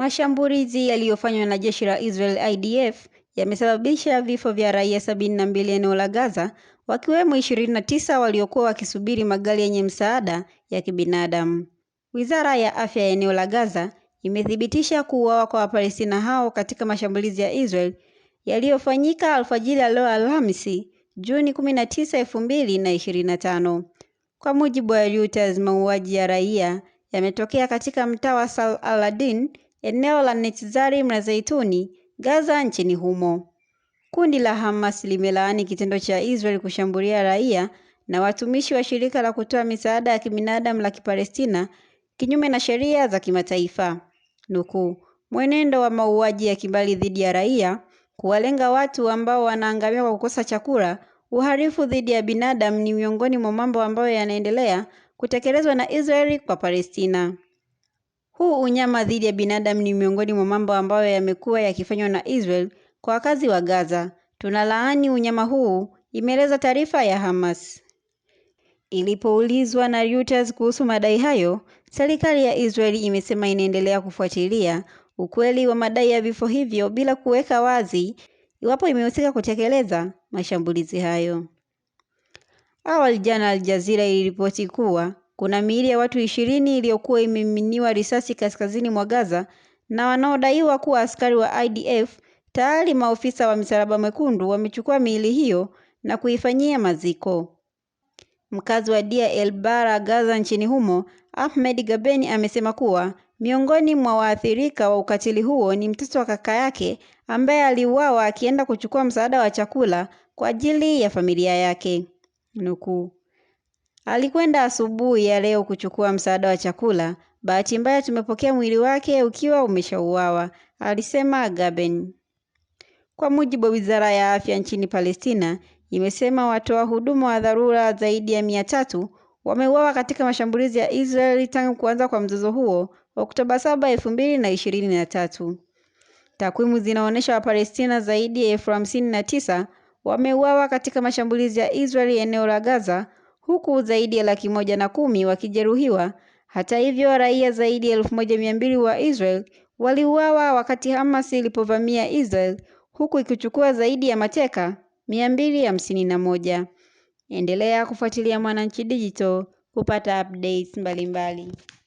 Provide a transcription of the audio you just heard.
Mashambulizi yaliyofanywa na jeshi la Israel IDF yamesababisha vifo vya raia sabini na mbili eneo la Gaza, wakiwemo ishirini na tisa waliokuwa wakisubiri magari yenye msaada ya kibinadamu. Wizara ya Afya ya eneo la Gaza imethibitisha kuuawa kwa Wapalestina hao katika mashambulizi ya Israel yaliyofanyika alfajiri ya leo Alhamisi, Juni 19, 2025. Kwa mujibu wa Reuters, mauaji ya raia yametokea katika mtaa wa Sal Aladin eneo la na Zaituni, Gaza nchini humo. Kundi la Hamas limelaani kitendo cha Israel kushambulia raia na watumishi wa shirika la kutoa misaada ya kibinadamu la Kipalestina kinyume na sheria za kimataifa. Nukuu, mwenendo wa mauaji ya kimbali dhidi ya raia, kuwalenga watu ambao wanaangamia kwa kukosa chakula, uhalifu dhidi ya binadamu ni miongoni mwa mambo ambayo yanaendelea kutekelezwa na Israeli kwa Palestina. Huu unyama dhidi ya binadamu ni miongoni mwa mambo ambayo yamekuwa yakifanywa na Israel kwa wakazi wa Gaza. Tunalaani unyama huu, imeeleza taarifa ya Hamas. Ilipoulizwa na Reuters kuhusu madai hayo, serikali ya Israel imesema inaendelea kufuatilia ukweli wa madai ya vifo hivyo bila kuweka wazi iwapo imehusika kutekeleza mashambulizi hayo. Awali jana, Al Jazeera iliripoti kuwa kuna miili ya watu ishirini iliyokuwa imemiminiwa risasi kaskazini mwa Gaza na wanaodaiwa kuwa askari wa IDF. Tayari maofisa wa Msalaba Mwekundu wamechukua miili hiyo na kuifanyia maziko. Mkazi wa Deir el Bara, Gaza nchini humo, Ahmed Gabeni amesema kuwa miongoni mwa waathirika wa ukatili huo ni mtoto wa kaka yake ambaye aliuawa akienda kuchukua msaada wa chakula kwa ajili ya familia yake. Nukuu, Alikwenda asubuhi ya leo kuchukua msaada wa chakula. Bahati mbaya tumepokea mwili wake ukiwa umeshauawa, alisema Gaben. Kwa mujibu wa wizara ya afya nchini Palestina, imesema watoa huduma wa dharura zaidi ya mia tatu wameuawa katika mashambulizi ya Israeli tangu kuanza kwa mzozo huo Oktoba 7, Takwimu zinaonyesha Wapalestina zaidi ya elfu hamsini na tisa wameuawa katika mashambulizi ya Israeli eneo la Gaza huku zaidi ya laki moja na kumi wakijeruhiwa. Hata hivyo, raia zaidi ya elfu moja mia mbili wa Israel waliuawa wakati Hamas ilipovamia Israel huku ikichukua zaidi ya mateka mia mbili hamsini na moja. Endelea kufuatilia Mwananchi Digital kupata updates mbalimbali mbali.